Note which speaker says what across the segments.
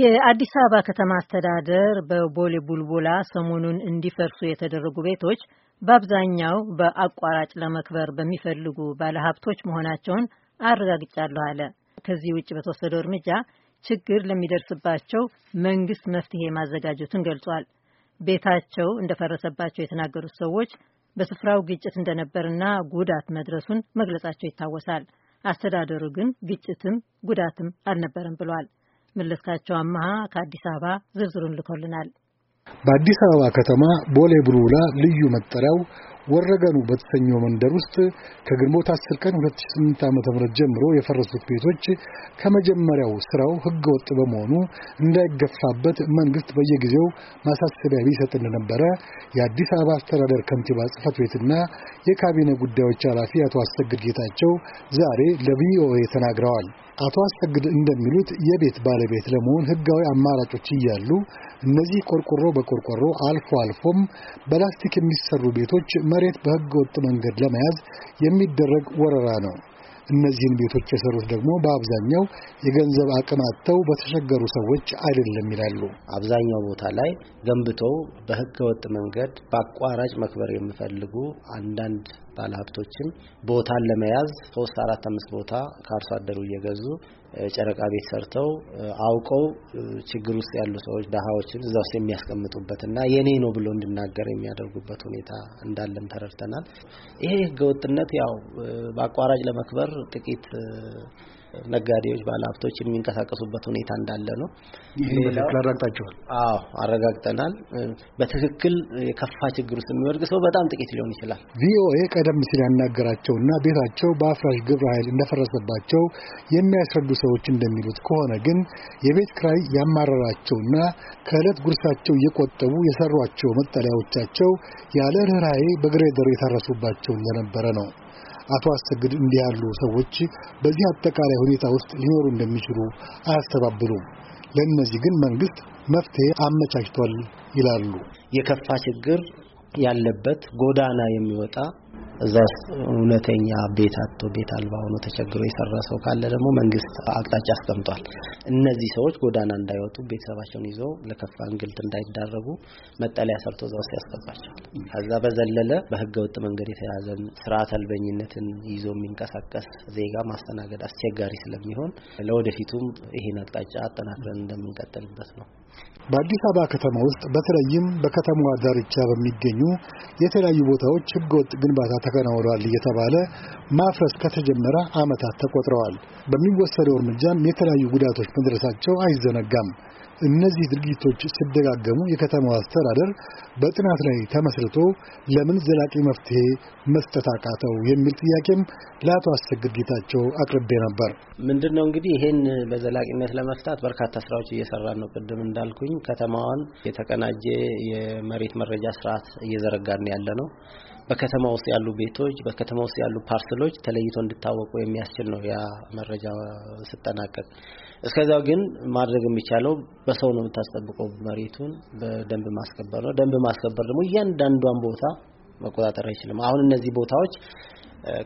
Speaker 1: የአዲስ አበባ ከተማ አስተዳደር በቦሌ ቡልቡላ ሰሞኑን እንዲፈርሱ የተደረጉ ቤቶች በአብዛኛው በአቋራጭ ለመክበር በሚፈልጉ ባለሀብቶች መሆናቸውን አረጋግጫለሁ አለ። ከዚህ ውጭ በተወሰደው እርምጃ ችግር ለሚደርስባቸው መንግስት መፍትሄ ማዘጋጀቱን ገልጿል። ቤታቸው እንደፈረሰባቸው የተናገሩት ሰዎች በስፍራው ግጭት እንደነበርና ጉዳት መድረሱን መግለጻቸው ይታወሳል። አስተዳደሩ ግን ግጭትም ጉዳትም አልነበረም ብሏል። መለስካቸው አመሃ ከአዲስ አበባ ዝርዝሩን ልኮልናል።
Speaker 2: በአዲስ አበባ ከተማ ቦሌ ቡልቡላ ልዩ መጠሪያው ወረገኑ በተሰኘው መንደር ውስጥ ከግንቦት 10 ቀን 2008 ዓ.ም ጀምሮ የፈረሱት ቤቶች ከመጀመሪያው ስራው ህገወጥ በመሆኑ እንዳይገፋበት መንግስት በየጊዜው ማሳሰቢያ ቢሰጥ እንደነበረ የአዲስ አበባ አስተዳደር ከንቲባ ጽህፈት ቤትና የካቢኔ ጉዳዮች ኃላፊ አቶ አሰግድ ጌታቸው ዛሬ ለቪኦኤ ተናግረዋል። አቶ አሰግድ እንደሚሉት የቤት ባለቤት ለመሆን ህጋዊ አማራጮች እያሉ እነዚህ ቆርቆሮ በቆርቆሮ አልፎ አልፎም በላስቲክ የሚሰሩ ቤቶች መሬት በህገ ወጥ መንገድ ለመያዝ የሚደረግ ወረራ ነው። እነዚህን ቤቶች የሰሩት ደግሞ በአብዛኛው የገንዘብ አቅም አጥተው በተቸገሩ ሰዎች አይደለም ይላሉ። አብዛኛው ቦታ ላይ
Speaker 1: ገንብተው በህገ ወጥ መንገድ በአቋራጭ መክበር የሚፈልጉ አንዳንድ ባለሀብቶችም ቦታን ለመያዝ ሶስት አራት አምስት ቦታ ከአርሶ አደሩ እየገዙ ጨረቃ ቤት ሰርተው አውቀው ችግር ውስጥ ያሉ ሰዎች ድሃዎችን እዛ ውስጥ የሚያስቀምጡበት እና የኔ ነው ብሎ እንድናገር የሚያደርጉበት ሁኔታ እንዳለም ተረድተናል። ይሄ ህገወጥነት ያው በአቋራጭ ለመክበር ጥቂት ነጋዴዎች፣ ባለሀብቶች የሚንቀሳቀሱበት ሁኔታ እንዳለ ነው። አረጋግጣችኋል? አዎ አረጋግጠናል። በትክክል የከፋ ችግር ውስጥ የሚወድቅ ሰው በጣም ጥቂት ሊሆን ይችላል።
Speaker 2: ቪኦኤ ቀደም ሲል ያናገራቸውና ቤታቸው በአፍራሽ ግብረ ኃይል እንደፈረሰባቸው የሚያስረዱ ሰዎች እንደሚሉት ከሆነ ግን የቤት ክራይ ያማረራቸውና ከዕለት ጉርሳቸው እየቆጠቡ የሰሯቸው መጠለያዎቻቸው ያለ ርኅራኄ በግሬደር የታረሱባቸው እንደነበረ ነው። አቶ አሰግድ እንዲህ ያሉ ሰዎች በዚህ አጠቃላይ ሁኔታ ውስጥ ሊኖሩ እንደሚችሉ አያስተባብሉም። ለእነዚህ ግን መንግስት መፍትሄ አመቻችቷል ይላሉ። የከፋ ችግር ያለበት ጎዳና የሚወጣ
Speaker 1: እዛ እውነተኛ ቤት አቶ ቤት አልባ ሆኖ ተቸግሮ የሰራ ሰው ካለ ደግሞ መንግስት አቅጣጫ አስቀምጧል። እነዚህ ሰዎች ጎዳና እንዳይወጡ፣ ቤተሰባቸውን ይዘው ለከፋ እንግልት እንዳይዳረጉ መጠለያ ሰርቶ እዛ ውስጥ ያስገባቸዋል። ከዛ በዘለለ በህገ ወጥ መንገድ የተያዘን ስርዓት አልበኝነትን ይዞ የሚንቀሳቀስ ዜጋ ማስተናገድ አስቸጋሪ ስለሚሆን ለወደፊቱም ይሄን አቅጣጫ አጠናክረን እንደምንቀጥልበት ነው።
Speaker 2: በአዲስ አበባ ከተማ ውስጥ በተለይም በከተማዋ ዳርቻ በሚገኙ የተለያዩ ቦታዎች ህገወጥ ግንባታ ተከናውኗል እየተባለ ማፍረስ ከተጀመረ ዓመታት ተቆጥረዋል። በሚወሰደው እርምጃም የተለያዩ ጉዳቶች መድረሳቸው አይዘነጋም። እነዚህ ድርጊቶች ሲደጋገሙ የከተማው አስተዳደር በጥናት ላይ ተመስርቶ ለምን ዘላቂ መፍትሄ መስጠት አቃተው የሚል ጥያቄም ለአቶ አሰግድ ጌታቸው አቅርቤ ነበር።
Speaker 1: ምንድን ነው እንግዲህ ይሄን በዘላቂነት ለመፍታት በርካታ ስራዎች እየሰራን ነው። ቅድም እንዳልኩኝ ከተማዋን የተቀናጀ የመሬት መረጃ ስርዓት እየዘረጋን ያለ ነው። በከተማ ውስጥ ያሉ ቤቶች፣ በከተማ ውስጥ ያሉ ፓርሰሎች ተለይቶ እንዲታወቁ የሚያስችል ነው ያ መረጃ ስጠናቀቅ። እስከዚያው ግን ማድረግ የሚቻለው በሰው ነው የምታስጠብቀው፣ መሬቱን በደንብ ማስከበር ነው። ደንብ ማስከበር ደግሞ እያንዳንዷን ቦታ መቆጣጠር አይችልም። አሁን እነዚህ ቦታዎች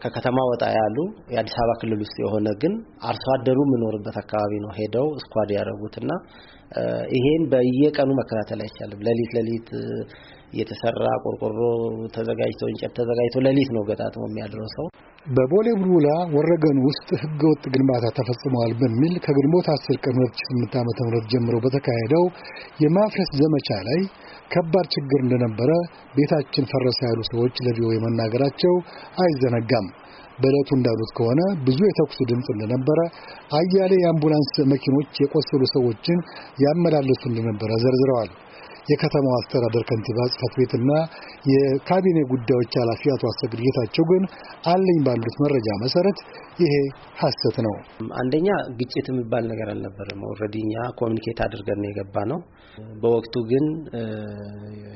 Speaker 1: ከከተማ ወጣ ያሉ የአዲስ አበባ ክልል ውስጥ የሆነ ግን አርሶ አደሩ የምኖርበት አካባቢ ነው ሄደው ስኳድ ያደረጉትና ይሄን በየቀኑ መከታተል አይቻልም። ለሊት ለሊት። የተሰራ ቆርቆሮ ተዘጋጅቶ እንጨት ተዘጋጅቶ ሌሊት ነው ገጣጥሞ የሚያድረው ሰው።
Speaker 2: በቦሌ ቡልቡላ ወረገን ውስጥ ህገወጥ ግንባታ ተፈጽመዋል በሚል ከግንቦት 10 ቀን 2008 ዓ.ም ጀምሮ በተካሄደው የማፍረስ ዘመቻ ላይ ከባድ ችግር እንደነበረ ቤታችን ፈረሰ ያሉ ሰዎች ለቪኦኤ መናገራቸው አይዘነጋም። በዕለቱ እንዳሉት ከሆነ ብዙ የተኩሱ ድምፅ እንደነበረ፣ አያሌ የአምቡላንስ መኪኖች የቆሰሉ ሰዎችን ያመላለሱ እንደነበረ ዘርዝረዋል። የከተማው አስተዳደር ከንቲባ ጽህፈት ቤትና የካቢኔ ጉዳዮች ኃላፊ አቶ አሰግድ ጌታቸው ግን አለኝ ባሉት መረጃ መሰረት ይሄ ሀሰት ነው።
Speaker 1: አንደኛ ግጭት የሚባል ነገር አልነበረም። ኦልሬዲ እኛ ኮሚኒኬት አድርገን ነው የገባ ነው። በወቅቱ ግን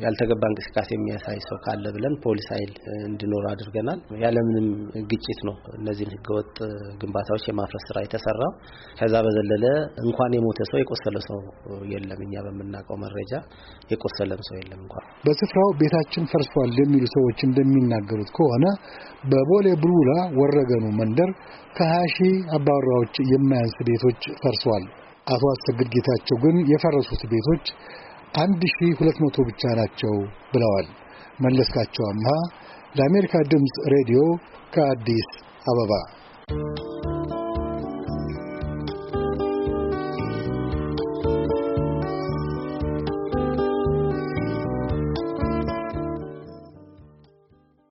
Speaker 1: ያልተገባ እንቅስቃሴ የሚያሳይ ሰው ካለ ብለን ፖሊስ ኃይል እንዲኖር አድርገናል። ያለምንም ግጭት ነው እነዚህን ህገወጥ ግንባታዎች የማፍረስ ስራ የተሰራው። ከዛ በዘለለ እንኳን የሞተ ሰው የቆሰለ ሰው የለም እኛ በምናውቀው መረጃ የቆሰለም ሰው የለም። እንኳን
Speaker 2: በስፍራው ቤታችን ፈርሷል የሚሉ ሰዎች እንደሚናገሩት ከሆነ በቦሌ ቡልቡላ ወረገኑ መንደር ከሀያ ሺህ አባወራዎች የማያንስ ቤቶች ፈርሷል። አቶ አሰግድ ጌታቸው ግን የፈረሱት ቤቶች አንድ ሺህ ሁለት መቶ ብቻ ናቸው ብለዋል። መለስካቸው አምሃ ለአሜሪካ ድምፅ ሬዲዮ ከአዲስ አበባ